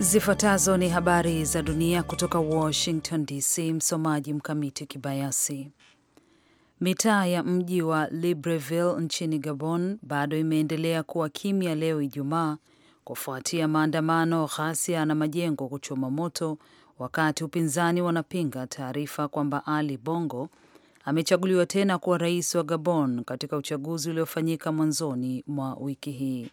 Zifuatazo ni habari za dunia kutoka Washington DC. Msomaji Mkamiti Kibayasi. Mitaa ya mji wa Libreville nchini Gabon bado imeendelea kuwa kimya leo Ijumaa kufuatia maandamano, ghasia na majengo kuchoma moto, wakati upinzani wanapinga taarifa kwamba Ali Bongo amechaguliwa tena kuwa rais wa Gabon katika uchaguzi uliofanyika mwanzoni mwa wiki hii.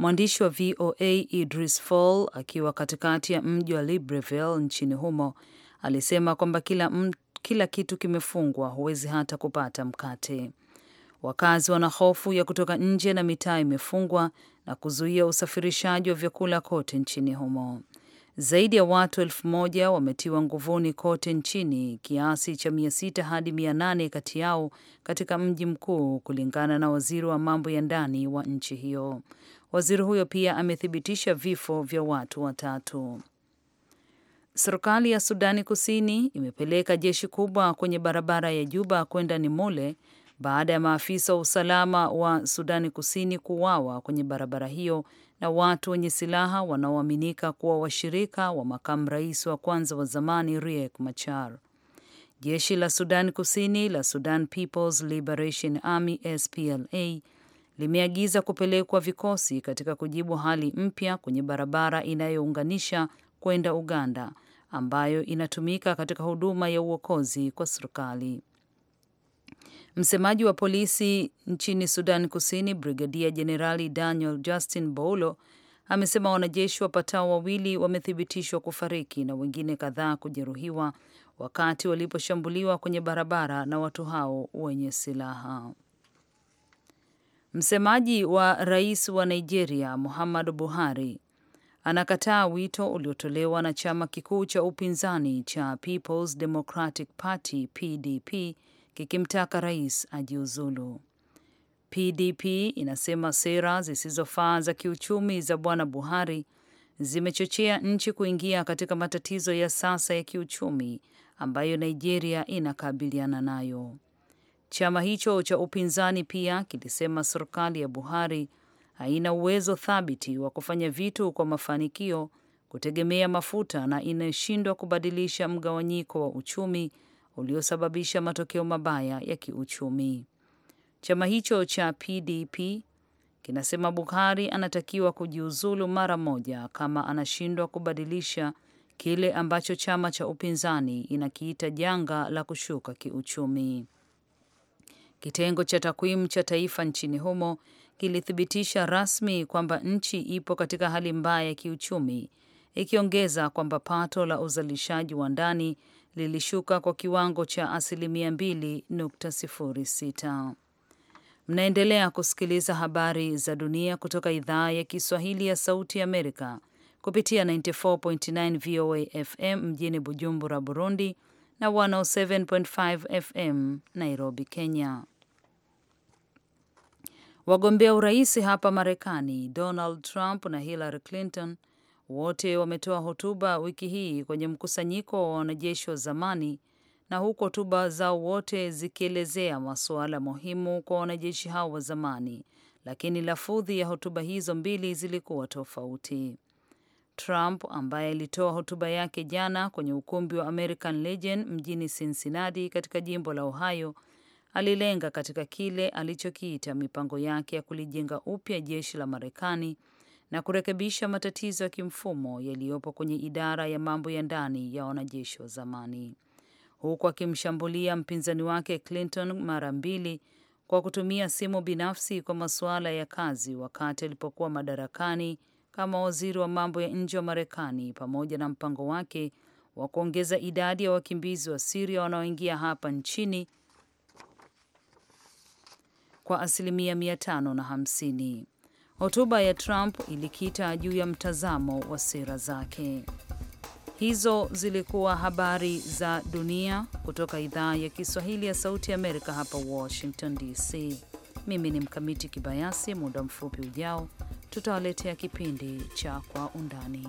Mwandishi wa VOA Idris Fall akiwa katikati ya mji wa Libreville nchini humo alisema kwamba kila, kila kitu kimefungwa, huwezi hata kupata mkate. Wakazi wana hofu ya kutoka nje na mitaa imefungwa na kuzuia usafirishaji wa vyakula kote nchini humo. Zaidi ya watu elfu moja wametiwa nguvuni kote nchini, kiasi cha mia sita hadi mia nane kati yao katika mji mkuu, kulingana na waziri wa mambo ya ndani wa nchi hiyo. Waziri huyo pia amethibitisha vifo vya watu watatu. Serikali ya Sudani Kusini imepeleka jeshi kubwa kwenye barabara ya Juba kwenda Nimule baada ya maafisa wa usalama wa Sudani Kusini kuuawa kwenye barabara hiyo na watu wenye silaha wanaoaminika kuwa washirika wa makamu rais wa kwanza wa zamani Riek Machar. Jeshi la Sudan Kusini la Sudan People's Liberation Army SPLA limeagiza kupelekwa vikosi katika kujibu hali mpya kwenye barabara inayounganisha kwenda Uganda ambayo inatumika katika huduma ya uokozi kwa serikali. Msemaji wa polisi nchini Sudan Kusini, Brigadia Jenerali Daniel Justin Boulo amesema wanajeshi wapatao wawili wamethibitishwa kufariki na wengine kadhaa kujeruhiwa wakati waliposhambuliwa kwenye barabara na watu hao wenye silaha. Msemaji wa rais wa Nigeria Muhammadu Buhari anakataa wito uliotolewa na chama kikuu cha upinzani cha Peoples Democratic Party PDP kikimtaka rais ajiuzulu. PDP inasema sera zisizofaa za kiuchumi za Bwana Buhari zimechochea nchi kuingia katika matatizo ya sasa ya kiuchumi ambayo Nigeria inakabiliana nayo. Chama hicho cha upinzani pia kilisema serikali ya Buhari haina uwezo thabiti wa kufanya vitu kwa mafanikio, kutegemea mafuta na inashindwa kubadilisha mgawanyiko wa uchumi uliosababisha matokeo mabaya ya kiuchumi. Chama hicho cha PDP kinasema Buhari anatakiwa kujiuzulu mara moja kama anashindwa kubadilisha kile ambacho chama cha upinzani inakiita janga la kushuka kiuchumi. Kitengo cha takwimu cha taifa nchini humo kilithibitisha rasmi kwamba nchi ipo katika hali mbaya ya kiuchumi, ikiongeza kwamba pato la uzalishaji wa ndani lilishuka kwa kiwango cha asilimia 2.06. Mnaendelea kusikiliza habari za dunia kutoka idhaa ya Kiswahili ya Sauti Amerika kupitia 94.9 VOA FM mjini Bujumbura, Burundi na 107.5 FM Nairobi, Kenya. Wagombea urais hapa Marekani, Donald Trump na Hillary Clinton wote wametoa hotuba wiki hii kwenye mkusanyiko wa wanajeshi wa zamani, na huku hotuba zao wote zikielezea masuala muhimu kwa wanajeshi hao wa zamani, lakini lafudhi ya hotuba hizo mbili zilikuwa tofauti. Trump ambaye alitoa hotuba yake jana kwenye ukumbi wa American Legion mjini Cincinnati katika jimbo la Ohio alilenga katika kile alichokiita mipango yake ya kulijenga upya jeshi la Marekani na kurekebisha matatizo ya kimfumo yaliyopo kwenye idara ya mambo ya ndani ya wanajeshi wa zamani, huku akimshambulia mpinzani wake Clinton mara mbili kwa kutumia simu binafsi kwa masuala ya kazi wakati alipokuwa madarakani kama waziri wa mambo ya nje wa Marekani, pamoja na mpango wake wa kuongeza idadi ya wakimbizi wa Siria wanaoingia hapa nchini kwa asilimia mia tano na hamsini. Hotuba ya Trump ilikita juu ya mtazamo wa sera zake. Hizo zilikuwa habari za dunia kutoka idhaa ya Kiswahili ya Sauti ya Amerika hapa Washington DC. Mimi ni Mkamiti Kibayasi. Muda mfupi ujao tutawaletea kipindi cha Kwa Undani.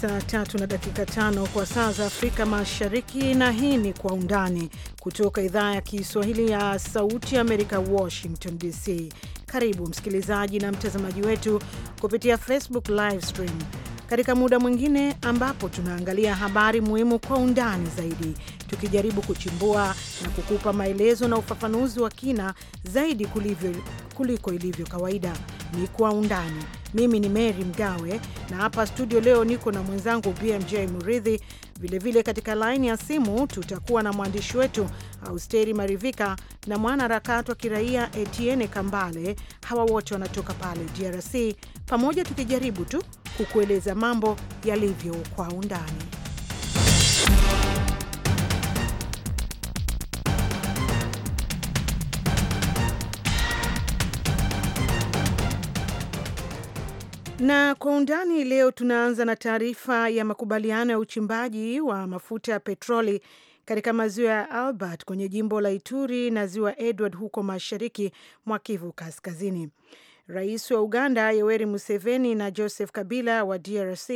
saa tatu na dakika tano kwa saa za Afrika Mashariki, na hii ni Kwa Undani kutoka idhaa ya Kiswahili ya Sauti Amerika, Washington DC. Karibu msikilizaji na mtazamaji wetu kupitia Facebook live stream katika muda mwingine ambapo tunaangalia habari muhimu kwa undani zaidi, tukijaribu kuchimbua na kukupa maelezo na ufafanuzi wa kina zaidi kulivyo, kuliko ilivyo kawaida. Ni Kwa Undani. Mimi ni Mary Mgawe na hapa studio leo niko na mwenzangu BMJ Muridhi. Vilevile katika laini ya simu tutakuwa na mwandishi wetu Austeri Marivika na mwanaharakati wa kiraia Etienne Kambale. Hawa wote wanatoka pale DRC, pamoja tukijaribu tu kukueleza mambo yalivyo kwa undani. Na kwa undani leo tunaanza na taarifa ya makubaliano ya uchimbaji wa mafuta ya petroli katika maziwa ya Albert kwenye jimbo la Ituri na ziwa Edward huko mashariki mwa Kivu Kaskazini. Rais wa Uganda Yoweri Museveni na Joseph Kabila wa DRC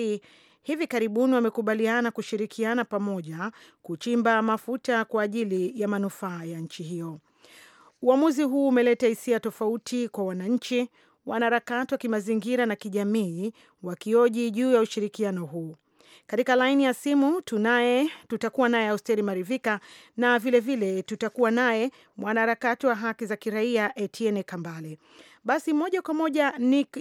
hivi karibuni wamekubaliana kushirikiana pamoja kuchimba mafuta kwa ajili ya manufaa ya nchi hiyo. Uamuzi huu umeleta hisia tofauti kwa wananchi, wanaharakati wa kimazingira na kijamii wakioji juu ya ushirikiano huu. Katika laini ya simu tunaye, tutakuwa naye Austeri Marivika na vilevile vile, tutakuwa naye mwanaharakati wa haki za kiraia Etienne Kambale. Basi moja kwa moja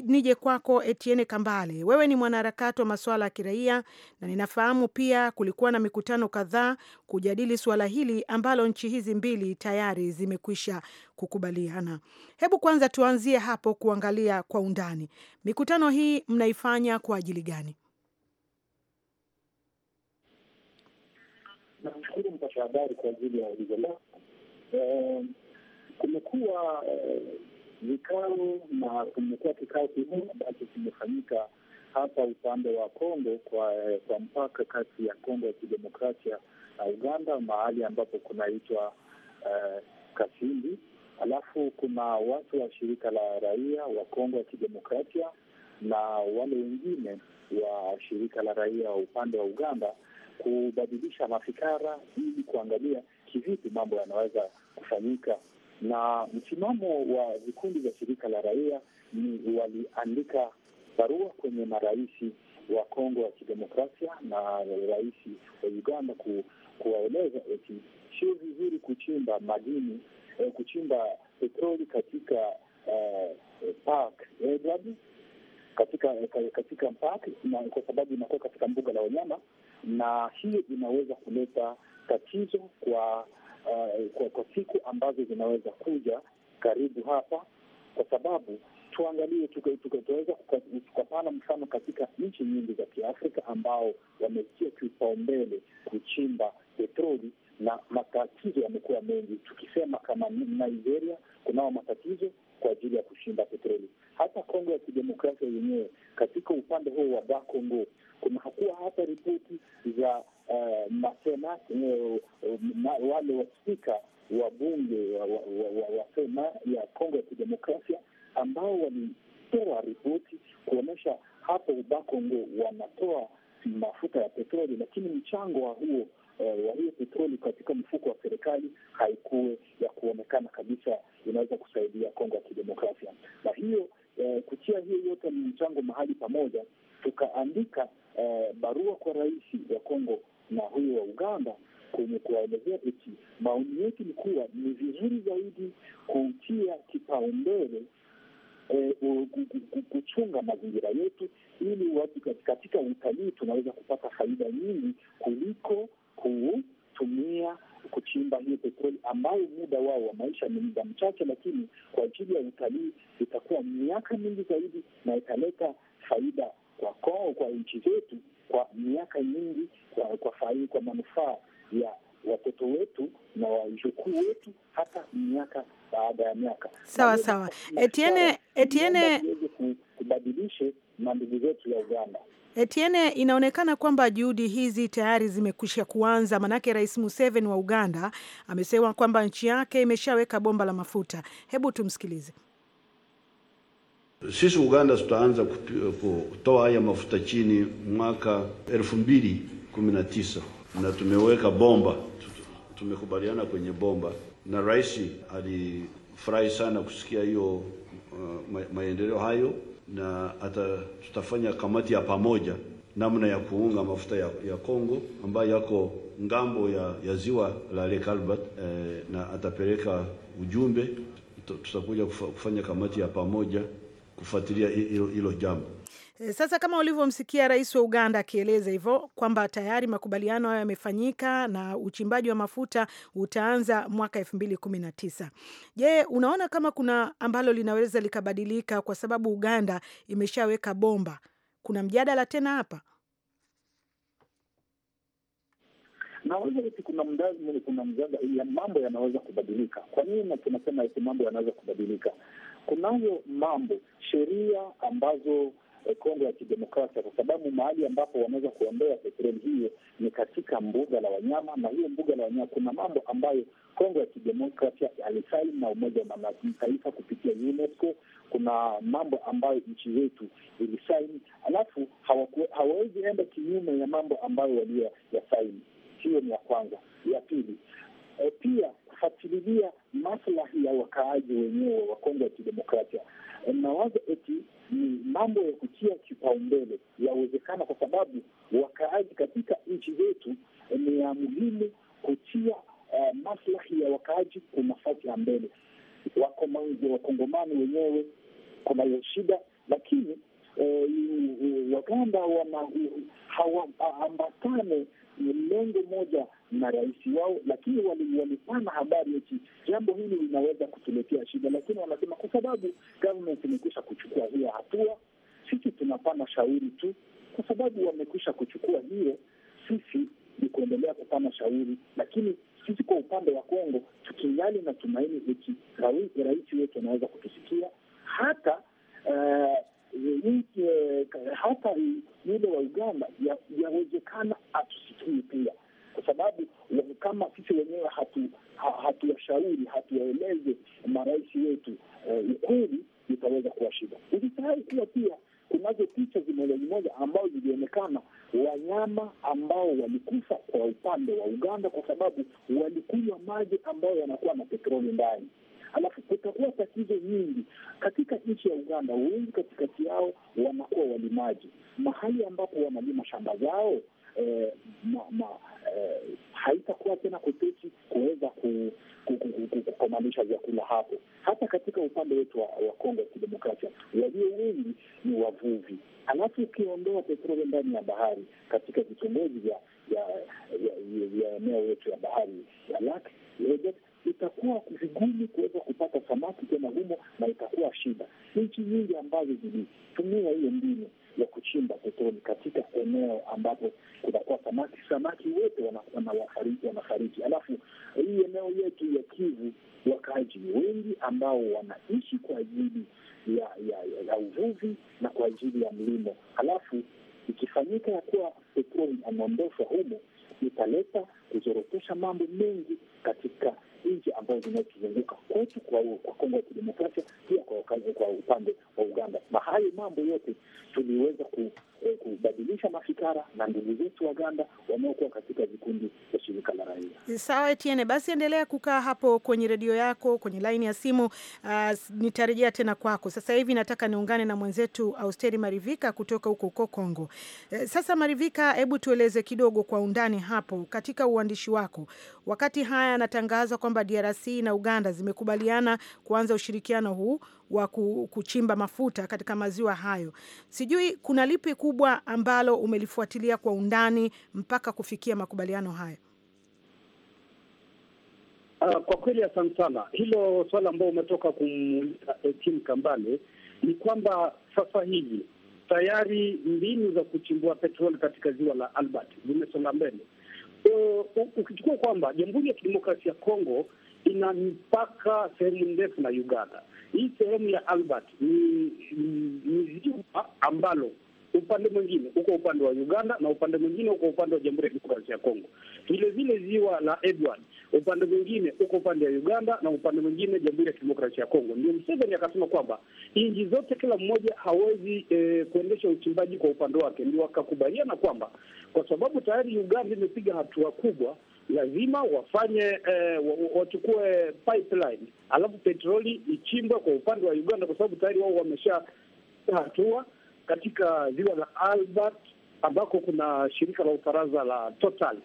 nije kwako Etienne Kambale, wewe ni mwanaharakati wa masuala ya kiraia na ninafahamu pia kulikuwa na mikutano kadhaa kujadili suala hili ambalo nchi hizi mbili tayari zimekwisha kukubaliana. Hebu kwanza tuanzie hapo kuangalia kwa undani mikutano hii mnaifanya kwa ajili gani? cha habari kwa ajili ya hizo lao. Ehm, kumekuwa eh, vikao na kumekuwa kikao kigumu ambacho kimefanyika hapa upande wa Kongo kwa, eh, kwa mpaka kati ya Kongo ya kidemokrasia na Uganda, mahali ambapo kunaitwa eh, Kasindi. Alafu kuna watu wa shirika la raia wa Kongo ya kidemokrasia na wale wengine wa shirika la raia wa upande wa Uganda kubadilisha mafikara ili kuangalia kivipi mambo yanaweza kufanyika. Na msimamo wa vikundi vya shirika la raia ni waliandika barua kwenye maraisi wa Kongo ya Kidemokrasia na rais wa Uganda ku, kuwaeleza eti sio vizuri kuchimba madini eh, kuchimba petroli katika eh, park Edward, eh, katika eh, katika park, na kwa sababu inakuwa katika mbuga la wanyama na hii inaweza kuleta tatizo kwa, uh, kwa, kwa siku ambazo zinaweza kuja karibu hapa, kwa sababu tuangalie, tutaweza tukapana mfano katika nchi nyingi za Kiafrika ambao wamesikia kipaumbele kipaumbele eh, kuchunga mazingira yetu, ili watu katika utalii tunaweza kupata faida nyingi kuliko kutumia kuchimba hiyo petroli ambayo muda wao wa maisha ni muda mchache, lakini kwa ajili ya utalii itakuwa miaka mingi zaidi na italeta faida kwa kwao, kwa nchi zetu kwa miaka nyingi, kwa kwa, kwa manufaa ya watoto wetu na wajukuu wetu hata miaka baada ya miaka. Sawa sawa, Etiene, Etiene tubadilishe na zetu ya Uganda. Etienne, inaonekana kwamba juhudi hizi tayari zimekwisha kuanza, manake Rais Museveni wa Uganda amesema kwamba nchi yake imeshaweka bomba la mafuta. Hebu tumsikilize. Sisi Uganda tutaanza kutoa haya mafuta chini mwaka elfu mbili kumi na tisa na tumeweka bomba tumekubaliana kwenye bomba, na rais alifurahi sana kusikia hiyo uh, maendeleo hayo, na hata tutafanya kamati ya pamoja namna ya kuunga mafuta ya, ya Kongo ambayo yako ngambo ya, ya ziwa la Lake Albert eh, na atapeleka ujumbe. Tutakuja kufanya kamati ya pamoja kufuatilia hilo jambo. Eh, sasa kama ulivyomsikia rais wa Uganda akieleza hivyo kwamba tayari makubaliano hayo yamefanyika na uchimbaji wa mafuta utaanza mwaka elfu mbili kumi na tisa. Je, unaona kama kuna ambalo linaweza likabadilika kwa sababu Uganda imeshaweka bomba? Kuna mjadala tena hapa? Naweza eti kuna mdazi, kuna mjadala ya mambo yanaweza kubadilika. Kwa nini tunasema eti mambo yanaweza kubadilika? Kunayo mambo sheria ambazo Eh, Kongo ya Kidemokrasia, kwa sababu mahali ambapo wanaweza kuondoa petroli hiyo ni katika mbuga la wanyama, na hiyo mbuga la wanyama kuna mambo ambayo Kongo ya Kidemokrasia alisaini na Umoja wa Mataifa kupitia UNESCO. Kuna mambo ambayo nchi yetu ilisaini, alafu hawawezi enda kinyume ya mambo ambayo walio yasaini. Hiyo ni ya kwanza. Ya pili, e, pia kufatililia maslahi ya wakaaji wenyewe wa Kongo ya Kidemokrasia. nawaza eh, eti ni mambo ya kutia kipaumbele yawezekana, kwa sababu wakaaji katika nchi zetu eh, ni ya muhimu kutia uh, maslahi ya wakaaji kwa nafasi ya mbele. Wakongomani wenyewe kuna hiyo shida, lakini eh, Waganda wana hawaambatane lengo moja na rais wao, lakini walipana habari eti jambo hili linaweza kutuletea shida, lakini wanasema kwa sababu government imekwisha kuchukua hiyo hatua, sisi tunapana shauri tu, kwa sababu wamekwisha kuchukua hiyo, sisi ni kuendelea kupana shauri, lakini sisi kwa upande wa Kongo tukingali na tumaini eti rais wetu anaweza kutusikia hata uh, hata yule wa Uganda yawezekana ya atusikie pia sababu kama sisi wenyewe hatuwashauri hatu hatuwaeleze marais wetu eh, ukweli, itaweza kuwa shida. Usisahau kuwa pia kunazo picha zimoja zimoja ambao zilionekana wanyama ambao walikufa kwa upande wa Uganda kwa sababu walikunywa maji ambayo yanakuwa na petroli ndani. Alafu kutakuwa tatizo nyingi katika nchi ya Uganda. Wengi katikati yao wanakuwa walimaji, mahali ambapo wanalima shamba zao eh, ma, ma, uh, haitakuwa tena kwepesi kuweza kukomanisha vyakula hapo. Hata katika upande wetu wa, wa Kongo ya Kidemokrasia walio wengi ni wavuvi, alafu ukiondoa petroli ndani ya bahari katika vitongoji vya eneo yetu ya bahari ya lak itakuwa vigumu kuweza kupata samaki tena humo, na itakuwa shida. Nchi nyingi ambazo zilitumia hiyo mbinu ya kuchimba petroli katika eneo ambapo kunakuwa samaki samaki wote wanafariki wanafariki. Alafu hii eneo yetu ya Kivu, wakaaji wengi ambao wanaishi kwa ajili ya, ya, ya uvuvi na kwa ajili ya mlimo, alafu ikifanyika ya kuwa petroli anaondoshwa humo, italeta kuzorotesha mambo mengi katika nchi ambazo zinatuzunguka kwetu, kwa Kongo ya Kidemokrasia, pia kwa wakazi kwa upande wa Uganda, na hayo mambo yote tuliweza ku eh, kubadilisha mafikara na ndugu zetu Waganda wanaokuwa katika vikundi vya shirika la raia. Sawa Etienne, basi endelea kukaa hapo kwenye redio yako, kwenye laini ya simu. Uh, nitarejea tena kwako sasa hivi. Nataka niungane na mwenzetu Austeri Marivika kutoka huko huko Kongo. Eh, sasa Marivika, hebu tueleze kidogo kwa undani hapo katika uandishi wako, wakati haya anatangaza kwamba DRC na Uganda zimekubaliana kuanza ushirikiano huu wa kuchimba mafuta katika maziwa hayo. Sijui kuna lipi kubwa ambalo umelifuatilia kwa undani mpaka kufikia makubaliano hayo Uh, kwa kweli asante sana. Hilo swala ambao umetoka kumuuliza Tim Kambale ni kwamba sasa hivi tayari mbinu za kuchimbua petroli katika ziwa la Albert zimesonga mbele. Uh, ukichukua kwamba Jamhuri ya Kidemokrasia ya Kongo ina mipaka sehemu ndefu na Uganda hii sehemu ya Albert ni ni ziwa ambalo upande mwingine uko upande wa Uganda na upande mwingine uko upande wa Jamhuri ya Kidemokrasia ya Kongo. Vile vile ziwa la Edward upande mwingine uko upande wa Uganda na upande mwingine Jamhuri ya Kidemokrasia ya Kongo. Ndio Museveni akasema kwamba nchi zote, kila mmoja hawezi eh, kuendesha uchimbaji kwa upande wake. Ndio akakubaliana kwamba kwa sababu tayari Uganda imepiga hatua kubwa lazima wafanye eh, wachukue pipeline alafu petroli ichimbwe kwa upande wa Uganda, kwa sababu tayari wao wamesha hatua katika ziwa la Albert ambako kuna shirika la Ufaransa la Total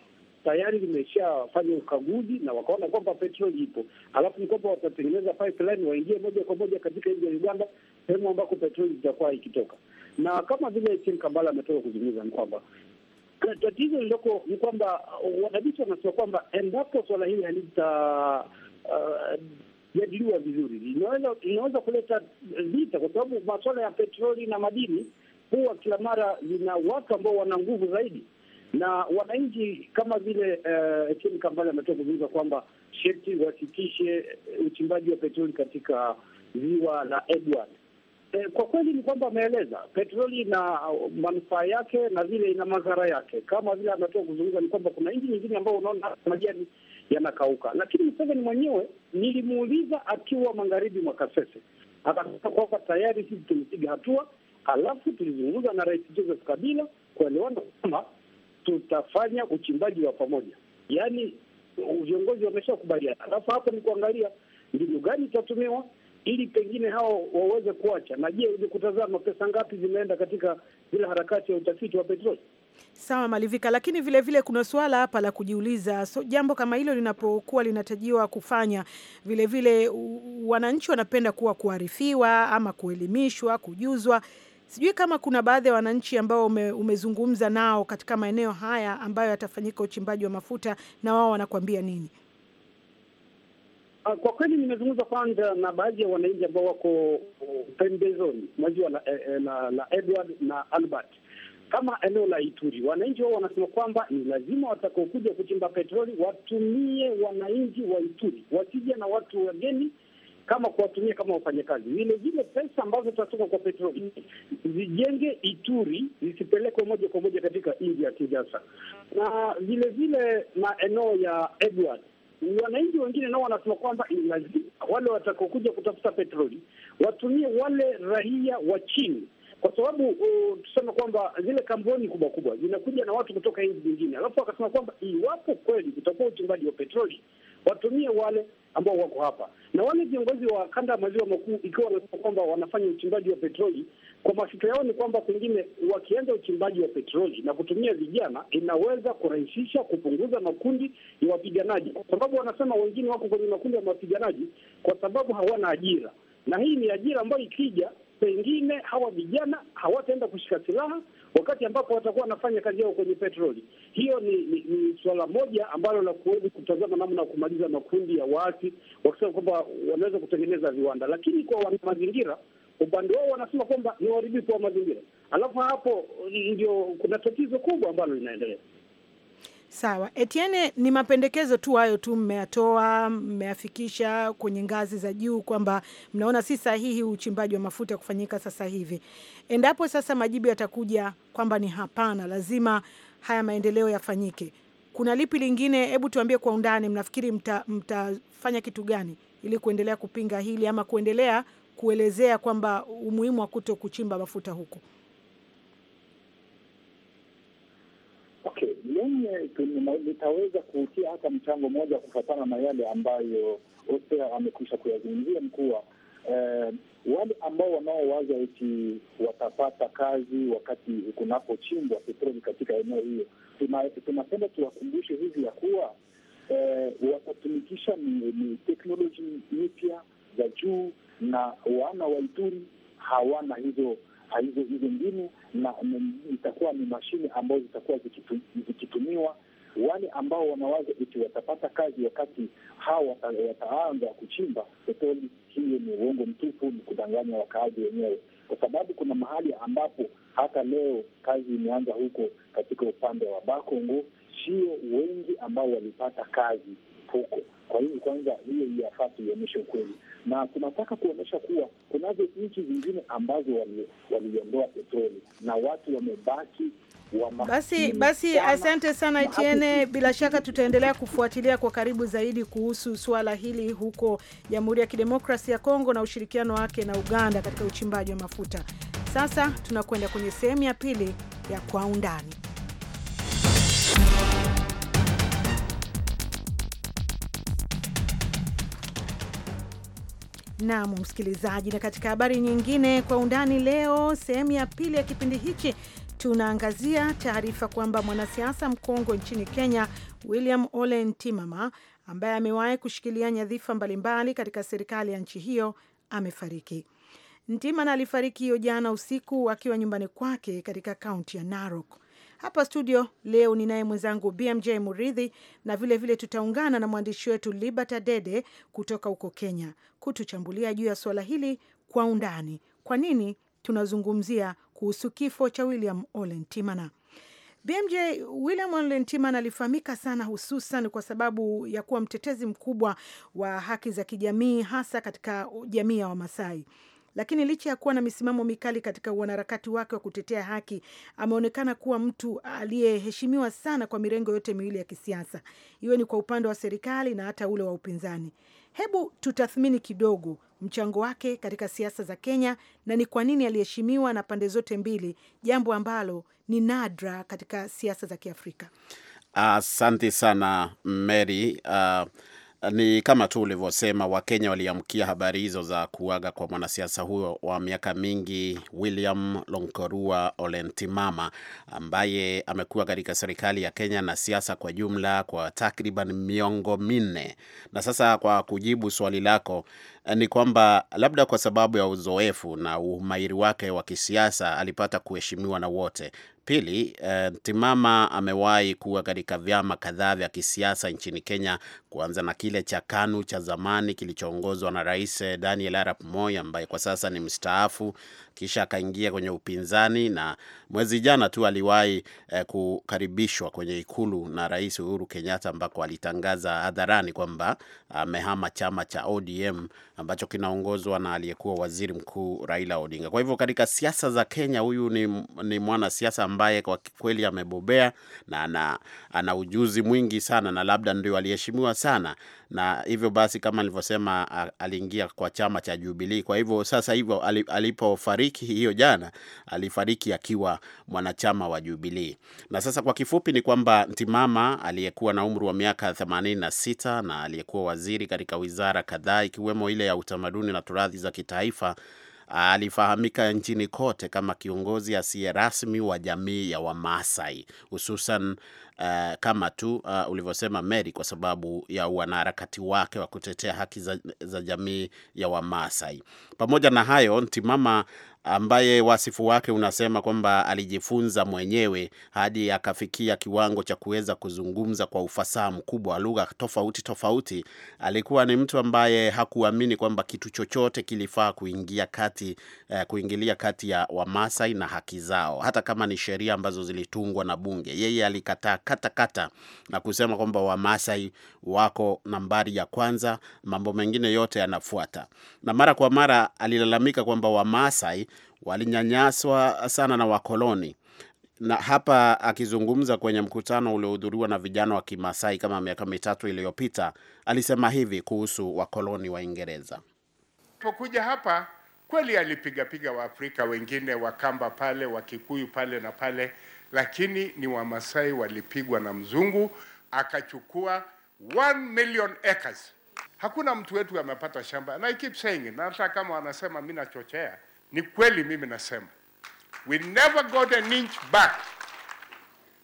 tayari limeshafanya ukaguzi na wakaona kwamba petroli ipo, alafu ni kwamba watatengeneza pipeline waingie moja kwa moja katika nchi ya Uganda, sehemu ambako petroli itakuwa ikitoka. Na kama vile Etienne Kambala ametoka kuzungumza, ni kwamba Tatizo lililoko ni kwamba uh, wadadisi wanasema kwamba endapo swala hili halita uh, vizuri linaweza linaweza kuleta vita, kwa sababu masuala ya petroli na madini huwa kila mara lina watu ambao wana nguvu zaidi na wananchi, kama vile uh, Etienne uh, Kambale ametoa kuzungumza kwamba sherti wasitishe uchimbaji wa petroli katika ziwa la Edward E, kwa kweli ni kwamba ameeleza petroli ina uh, manufaa yake na vile ina madhara yake. Kama vile anatoka kuzungumza ni kwamba kuna nchi nyingine ambayo unaona majani yanakauka, lakini Museveni mwenyewe nilimuuliza akiwa magharibi mwa Kasese akasema kwamba tayari sisi tumepiga hatua, alafu tulizungumza na Rais Joseph Kabila kuelewana kwamba tutafanya uchimbaji wa pamoja, yaani viongozi wameshakubaliana, alafu hapo ni kuangalia mbinu gani itatumiwa ili pengine hao waweze kuacha. Na je, uje kutazama pesa ngapi zimeenda katika zile harakati ya utafiti wa petroli? Sawa Malivika, lakini vile vile kuna suala hapa la kujiuliza. So, jambo kama hilo linapokuwa linatajiwa kufanya, vile vile wananchi wanapenda kuwa kuarifiwa ama kuelimishwa, kujuzwa. Sijui kama kuna baadhi ya wananchi ambao ume, umezungumza nao katika maeneo haya ambayo yatafanyika uchimbaji wa mafuta na wao wanakuambia nini? Ah, kwa kweli nimezungumza kwanza na baadhi ya wananchi ambao wako uh, pembezoni mwa ziwa la, eh, eh, la, la Edward na Albert kama eneo la Ituri, wananchi wao wanasema kwamba ni lazima watakaokuja kuchimba petroli watumie wananchi wa Ituri, wasije na watu wageni kama kuwatumia kama wafanyakazi. Vile vile pesa ambazo tutatoka kwa petroli zijenge Ituri, zisipelekwe moja kwa moja katika nchi ya Kinshasa, na vile vile maeneo ya Edward wananchi wengine nao wanasema kwamba ni lazima wale watakokuja kutafuta petroli watumie wale raia wa chini, kwa sababu uh, tuseme kwamba zile kampuni kubwa kubwa zinakuja na watu kutoka nchi nyingine, alafu wakasema kwamba iwapo kweli kutakuwa uchimbaji wa petroli watumie wale ambao wako hapa, na wale viongozi wa kanda ya maziwa makuu, ikiwa wanasema kwamba wanafanya uchimbaji wa petroli, kwa mafikira yao ni kwamba pengine wakianza uchimbaji wa petroli na kutumia vijana, inaweza kurahisisha kupunguza makundi ya wapiganaji, kwa sababu wanasema wengine wako kwenye makundi ya wapiganaji kwa sababu hawana ajira, na hii ni ajira ambayo ikija pengine hawa vijana hawataenda kushika silaha wakati ambapo watakuwa wanafanya kazi yao kwenye petroli. Hiyo ni, ni, ni suala moja ambalo la kuwezi kutazama namna ya kumaliza makundi ya waasi, wakisema kwamba wanaweza kutengeneza viwanda, lakini kwa wana mazingira upande wao wanasema kwamba ni uharibifu wa mazingira, alafu hapo ndio kuna tatizo kubwa ambalo linaendelea. Sawa Etienne, ni mapendekezo tu hayo tu mmeyatoa, mmeafikisha kwenye ngazi za juu kwamba mnaona si sahihi uchimbaji wa mafuta kufanyika sasa hivi. Endapo sasa majibu yatakuja kwamba ni hapana, lazima haya maendeleo yafanyike, kuna lipi lingine? Hebu tuambie kwa undani, mnafikiri mtafanya mta kitu gani ili kuendelea kupinga hili ama kuendelea kuelezea kwamba umuhimu wa kuto kuchimba mafuta huko? Mwenyewe nitaweza kuutia hata mchango mmoja kufatana na yale ambayo Osea amekwisha kuyazungumzia mkuwa eh, wale ambao wanaowaza eti watapata kazi wakati kunapochimbwa petroli katika eneo hiyo, tunapenda tuwakumbushe hivi ya kuwa eh, watatumikisha ni teknoloji mpya za juu, na wana wa Ituri hawana hizo hizo hizo mbinu, na itakuwa ni mashine ambazo zitakuwa zikitumiwa wale ambao wanawaza eti watapata kazi wakati hawa wataanza kuchimba petroli. Hiyo ni uongo mtupu, ni kudanganya wakaaji wenyewe, kwa sababu kuna mahali ambapo hata leo kazi imeanza huko katika upande wa Bakongo, sio wengi ambao walipata kazi huko. Kwa hiyo kwanza hiyo iyafasi ionyeshe ukweli, na tunataka kuonyesha kuwa kunazo nchi zingine ambazo waliondoa wali petroli na watu wamebaki basi basi Asante sana Etienne, bila shaka tutaendelea kufuatilia kwa karibu zaidi kuhusu suala hili huko Jamhuri ya Kidemokrasia ya Kongo na ushirikiano wake na Uganda katika uchimbaji wa mafuta. Sasa tunakwenda kwenye sehemu ya pili ya kwa undani. Naam, msikilizaji, na katika habari nyingine kwa undani leo, sehemu ya pili ya kipindi hichi tunaangazia taarifa kwamba mwanasiasa mkongwe nchini Kenya William Ole Ntimama ambaye amewahi kushikilia nyadhifa mbalimbali katika serikali ya nchi hiyo amefariki. Ntimana alifariki hiyo jana usiku akiwa nyumbani kwake katika kaunti ya Narok. Hapa studio leo ninaye mwenzangu BMJ Muridhi, na vilevile vile tutaungana na mwandishi wetu Liberta Dede kutoka huko Kenya kutuchambulia juu ya suala hili kwa undani. Kwa nini tunazungumzia kuhusu kifo cha William olentimana BMJ, William Ole alifahamika sana hususan kwa sababu ya kuwa mtetezi mkubwa wa haki za kijamii hasa katika jamii ya Wamasai lakini licha ya kuwa na misimamo mikali katika uanaharakati wake wa kutetea haki, ameonekana kuwa mtu aliyeheshimiwa sana kwa mirengo yote miwili ya kisiasa, iwe ni kwa upande wa serikali na hata ule wa upinzani. Hebu tutathmini kidogo mchango wake katika siasa za Kenya na ni kwa nini aliheshimiwa na pande zote mbili, jambo ambalo ni nadra katika siasa za Kiafrika. Asante uh, sana Mary uh ni kama tu ulivyosema, Wakenya waliamkia habari hizo za kuaga kwa mwanasiasa huyo wa miaka mingi William Lonkorua Olentimama, ambaye amekuwa katika serikali ya Kenya na siasa kwa jumla kwa takriban miongo minne. Na sasa kwa kujibu swali lako ni kwamba labda kwa sababu ya uzoefu na umahiri wake wa kisiasa alipata kuheshimiwa na wote. Pili, eh, Timama amewahi kuwa katika vyama kadhaa vya kisiasa nchini Kenya, kuanza na kile cha KANU cha zamani kilichoongozwa na Rais eh, Daniel Arap Moi ambaye kwa sasa ni mstaafu, kisha akaingia kwenye upinzani, na mwezi jana tu aliwahi eh, kukaribishwa kwenye ikulu na Rais Uhuru Kenyatta, ambako alitangaza hadharani kwamba amehama ah, chama cha ODM ambacho kinaongozwa na aliyekuwa waziri mkuu Raila Odinga. Kwa hivyo katika siasa za Kenya, huyu ni, ni mwanasiasa ambaye kwa kweli amebobea na ana, ana ujuzi mwingi sana, na labda ndio aliheshimiwa sana, na hivyo basi kama alivyosema, aliingia kwa chama cha Jubilee. Kwa hivyo sasa hivyo alipofariki wiki hiyo jana, alifariki akiwa mwanachama wa Jubilee. Na sasa kwa kifupi ni kwamba Ntimama aliyekuwa na umri wa miaka 86 na aliyekuwa waziri katika wizara kadhaa ikiwemo ile ya utamaduni na turathi za kitaifa alifahamika nchini kote kama kiongozi asiye rasmi wa jamii ya Wamasai hususan uh, kama tu uh, ulivyosema Mary, kwa sababu ya wanaharakati wake wa kutetea haki za, za jamii ya Wamasai. Pamoja na hayo, Ntimama ambaye wasifu wake unasema kwamba alijifunza mwenyewe hadi akafikia kiwango cha kuweza kuzungumza kwa ufasaha mkubwa lugha tofauti tofauti. Alikuwa ni mtu ambaye hakuamini kwamba kitu chochote kilifaa kuingia kati, eh, kuingilia kati ya Wamasai na haki zao, hata kama ni sheria ambazo zilitungwa na bunge. Yeye alikataa katakata na kusema kwamba Wamasai wako nambari ya kwanza, mambo mengine yote yanafuata. Na mara kwa mara alilalamika kwamba Wamasai walinyanyaswa sana na wakoloni na hapa akizungumza kwenye mkutano uliohudhuriwa na vijana wa Kimasai kama miaka mitatu iliyopita, alisema hivi kuhusu wakoloni wa ingereza pokuja hapa kweli alipigapiga Waafrika wengine, Wakamba pale, Wakikuyu pale na pale, lakini ni Wamasai walipigwa na mzungu akachukua million acres. Hakuna mtu wetu amepata shamba, na I keep saying, na hata kama wanasema mi nachochea ni kweli mimi nasema we never got an inch back,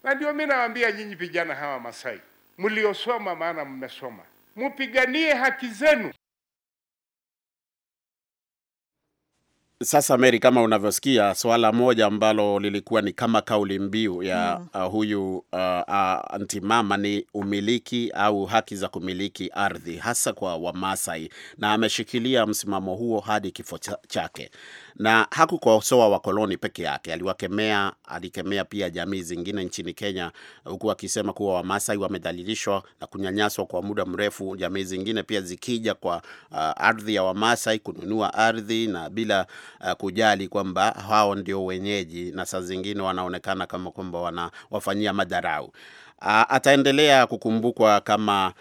na ndio mimi nawaambia nyinyi vijana hawa Masai mliosoma, maana mmesoma, mupiganie haki zenu. Sasa Mary, kama unavyosikia, swala moja ambalo lilikuwa ni kama kauli mbiu ya mm. uh, huyu uh, uh, mama ni umiliki au haki za kumiliki ardhi hasa kwa Wamasai, na ameshikilia msimamo huo hadi kifo chake na hakukosoa wakoloni peke yake, aliwakemea, alikemea pia jamii zingine nchini Kenya, huku akisema kuwa Wamasai wamedhalilishwa na kunyanyaswa kwa muda mrefu, jamii zingine pia zikija kwa uh, ardhi ya Wamasai kununua ardhi na bila uh, kujali kwamba hao ndio wenyeji, na saa zingine wanaonekana kama kwamba wanawafanyia madharau ataendelea kukumbukwa kama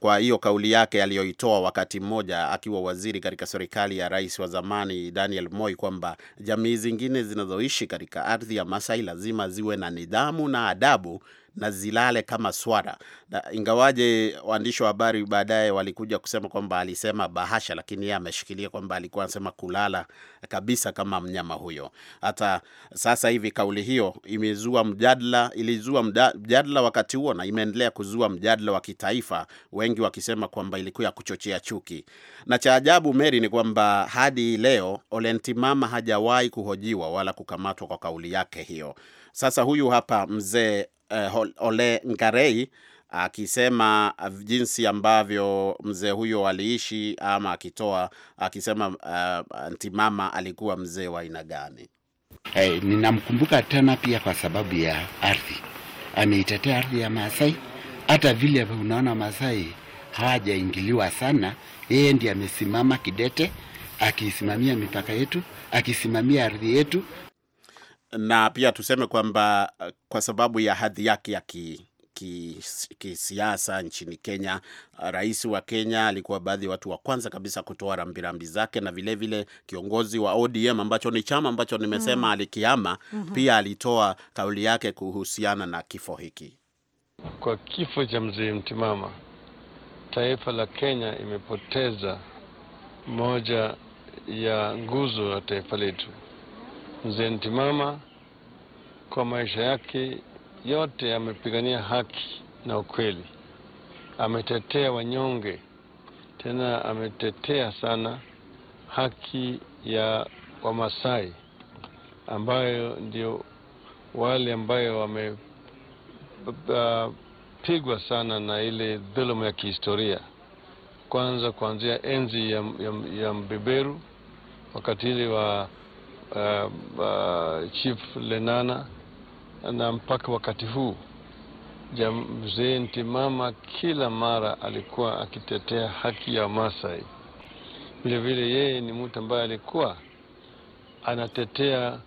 kwa hiyo kauli yake aliyoitoa wakati mmoja akiwa waziri katika serikali ya rais wa zamani Daniel Moi kwamba jamii zingine zinazoishi katika ardhi ya Masai lazima ziwe na nidhamu na adabu na zilale kama swara na, ingawaje waandishi wa habari baadaye walikuja kusema kwamba alisema bahasha, lakini yeye ameshikilia kwamba alikuwa anasema kulala kabisa kama mnyama huyo. Hata sasa hivi kauli hiyo imezua mjadala, ilizua mjadala wakati huo na imeendelea kuzua mjadala wa kitaifa, wengi wakisema kwamba ilikuwa ya kuchochea chuki. Na cha ajabu Mary, ni kwamba hadi leo Olentimama hajawahi kuhojiwa wala kukamatwa kwa kauli yake hiyo. Sasa huyu hapa mzee eh, Ole Ngarei akisema jinsi ambavyo mzee huyo aliishi ama akitoa akisema uh, eh, anti mama alikuwa mzee wa aina gani. Hey, eh, ninamkumbuka tena pia kwa sababu ya ardhi, ameitetea ardhi ya Maasai. Hata vile unaona Maasai hawajaingiliwa sana, yeye ndiye amesimama kidete, akisimamia mipaka yetu, akisimamia ardhi yetu, na pia tuseme kwamba eh, kwa sababu ya hadhi yake ya kisiasa ki, ki nchini Kenya, eh, rais wa Kenya alikuwa baadhi ya watu wa kwanza kabisa kutoa rambirambi zake, na vilevile vile kiongozi wa ODM ambacho ni chama ambacho nimesema mm. alikiama mm -hmm. pia alitoa kauli yake kuhusiana na kifo hiki. Kwa kifo cha mzee Mtimama, taifa la Kenya imepoteza moja ya nguzo ya taifa letu mzee Ntimama kwa maisha yake yote amepigania haki na ukweli, ametetea wanyonge, tena ametetea sana haki ya Wamasai ambayo ndio wale ambayo wamepigwa uh, sana na ile dhuluma ya kihistoria, kwanza kuanzia enzi ya, ya, ya mbeberu wakati ile wa uh, uh, Chief Lenana na mpaka wakati huu mzee Ntimama kila mara alikuwa akitetea haki ya Masai. Vile vile yeye ni mtu ambaye alikuwa anatetea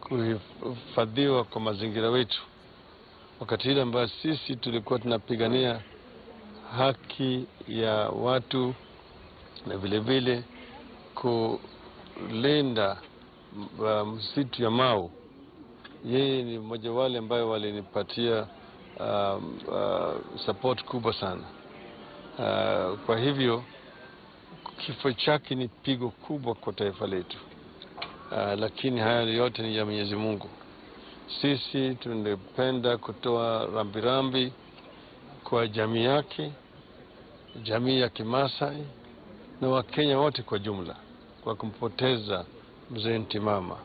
kuhifadhiwa kwa mazingira wetu, wakati ile ambayo sisi tulikuwa tunapigania haki ya watu na vile vile kulinda uh, msitu ya Mau. Yeye ni mmoja wale ambayo walinipatia uh, uh, support kubwa sana uh, kwa hivyo kifo chake ni pigo kubwa kwa taifa letu uh, lakini haya yote ni ya Mwenyezi Mungu. Sisi tunapenda kutoa rambirambi kwa jamii yake, jamii ya Kimasai na Wakenya wote kwa jumla kwa kumpoteza mzee Ntimama,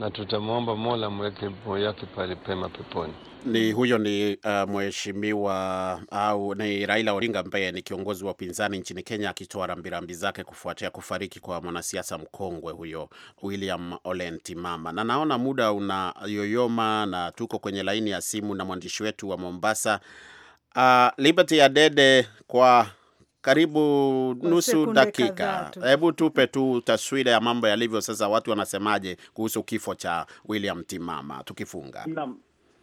na tutamwomba Mola mweke moyo wake pale pema peponi. Ni huyo ni uh, mheshimiwa au ni Raila Odinga ambaye ni kiongozi wa upinzani nchini Kenya akitoa rambirambi zake kufuatia kufariki kwa mwanasiasa mkongwe huyo William Ole Ntimama. Na naona muda una yoyoma na tuko kwenye laini ya simu na mwandishi wetu wa Mombasa uh, Liberty Adede kwa karibu nusu dakika. Hebu tupe tu taswira ya mambo yalivyo sasa, watu wanasemaje kuhusu kifo cha William Timama tukifunga Nam.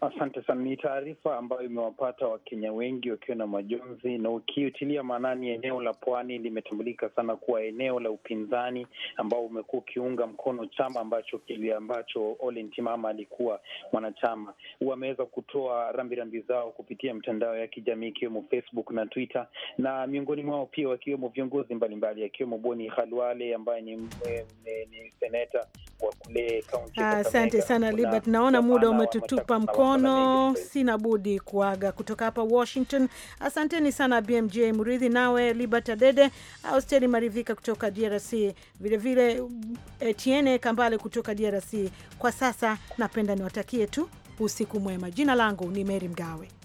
Asante sana. Ni taarifa ambayo imewapata Wakenya wengi wakiwa na majonzi, na ukiutilia maanani, eneo la pwani limetambulika sana kuwa eneo la upinzani ambao umekuwa ukiunga mkono chama ambacho kile ambacho ole ntimama alikuwa mwanachama. Wameweza kutoa rambirambi zao kupitia mtandao ya kijamii ikiwemo Facebook na Twitter, na miongoni mwao pia wakiwemo viongozi mbalimbali akiwemo Boni Khalwale ambaye ni, ni, ni seneta wa kule kaunti. Asante sana Libert, naona muda umetutupa mkono, sina budi kuaga kutoka hapa Washington. Asanteni sana BMJ mridhi nawe Libert Adede, austeli Marivika kutoka DRC, vilevile Etienne Kambale kutoka DRC. Kwa sasa napenda niwatakie tu usiku mwema. Jina langu ni Mary Mgawe.